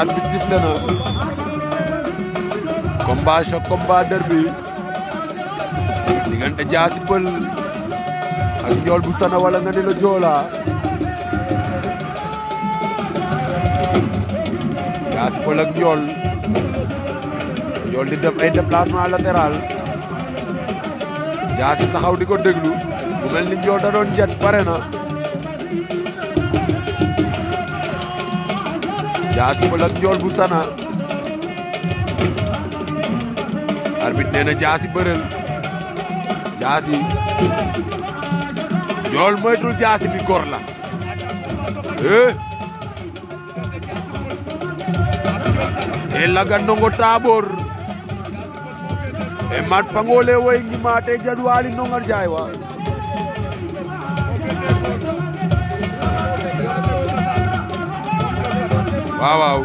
arbitre sifflé na combat choc combat derby diggante ak Ndiol bu Sana wala nga ne la ak Ndiol Ndiol di def ay déplacement latéral Diassy taxaw di ko déglu mu mel ni Ndiol doon jet pare na जास पर लग जोल भूसा ना अर बिटने ने जास पर ल जास ही जोल मेट्रो जास भी कर ला ए लगन नो टाबोर ए मत पंगोले वो इंगी माटे जदवाली नो मर जाएवा waaw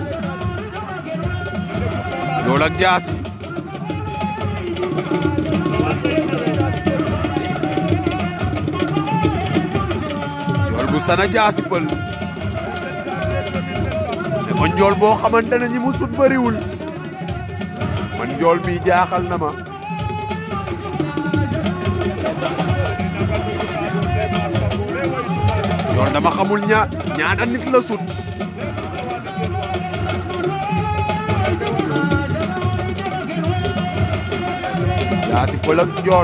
waaw ak jaasi njool bu sana jaasi pël ne ma njool boo xamante ne ñi mu sut bëriwul man njool mi jaaxal na ma njool dama xamul ñaar ñaata nit la sut Así ah, fue pues lo, yo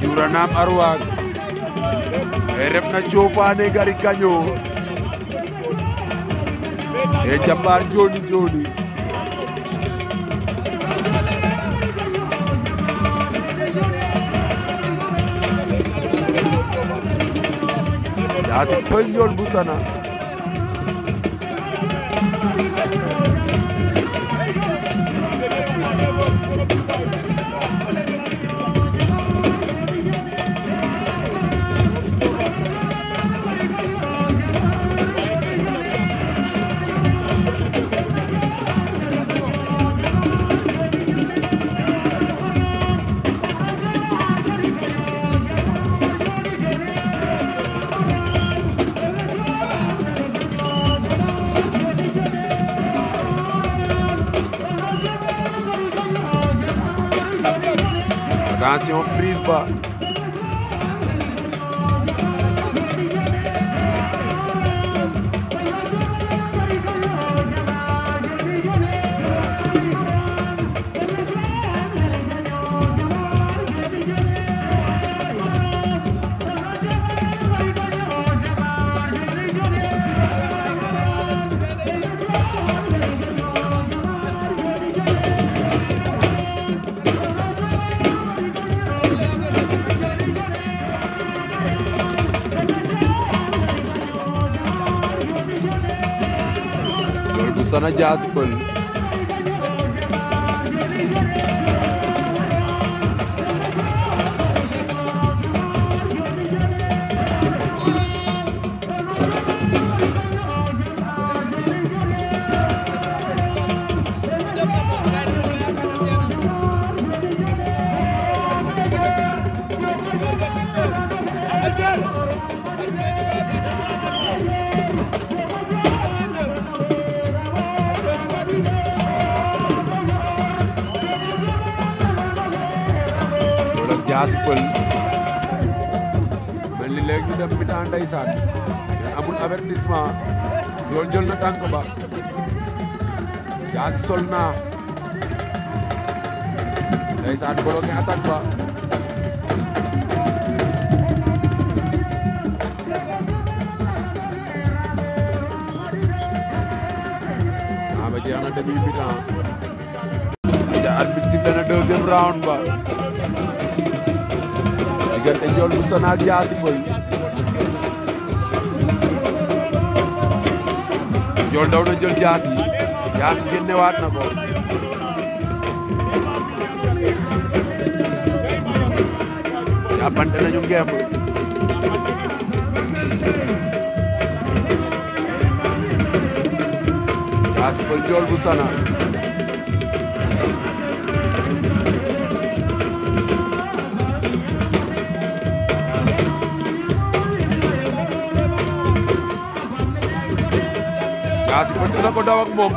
juranam arwag e refna cofane gari kaño e jambar joni joni yasi pel ñol busana danas imam prizba dana jaasi pël gospel. mel ni léegi ñu dem mi-temps ndeysaan kenn amul avertissement yoon jël na tànk ba Jaasi sol naax ndeysaan bloqué attaque ba jeex na demi mi-temps ca arbitre sifflé na round ba diggante Ndiol bu Sana ak Dia Sy Peul Ndiol daw na jël Dia Sy Dia Sy génnewaat na ko jàppante nañu ngemb Dia Sy Peul Ndiol bu Sana dina ko daw ak moom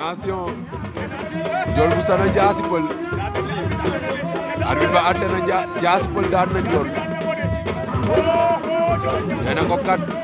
attention Ndiol bu sana Diassy Peulh arbitre ba àtte na Diassy Peulh daan na Ndiol nee na ko kat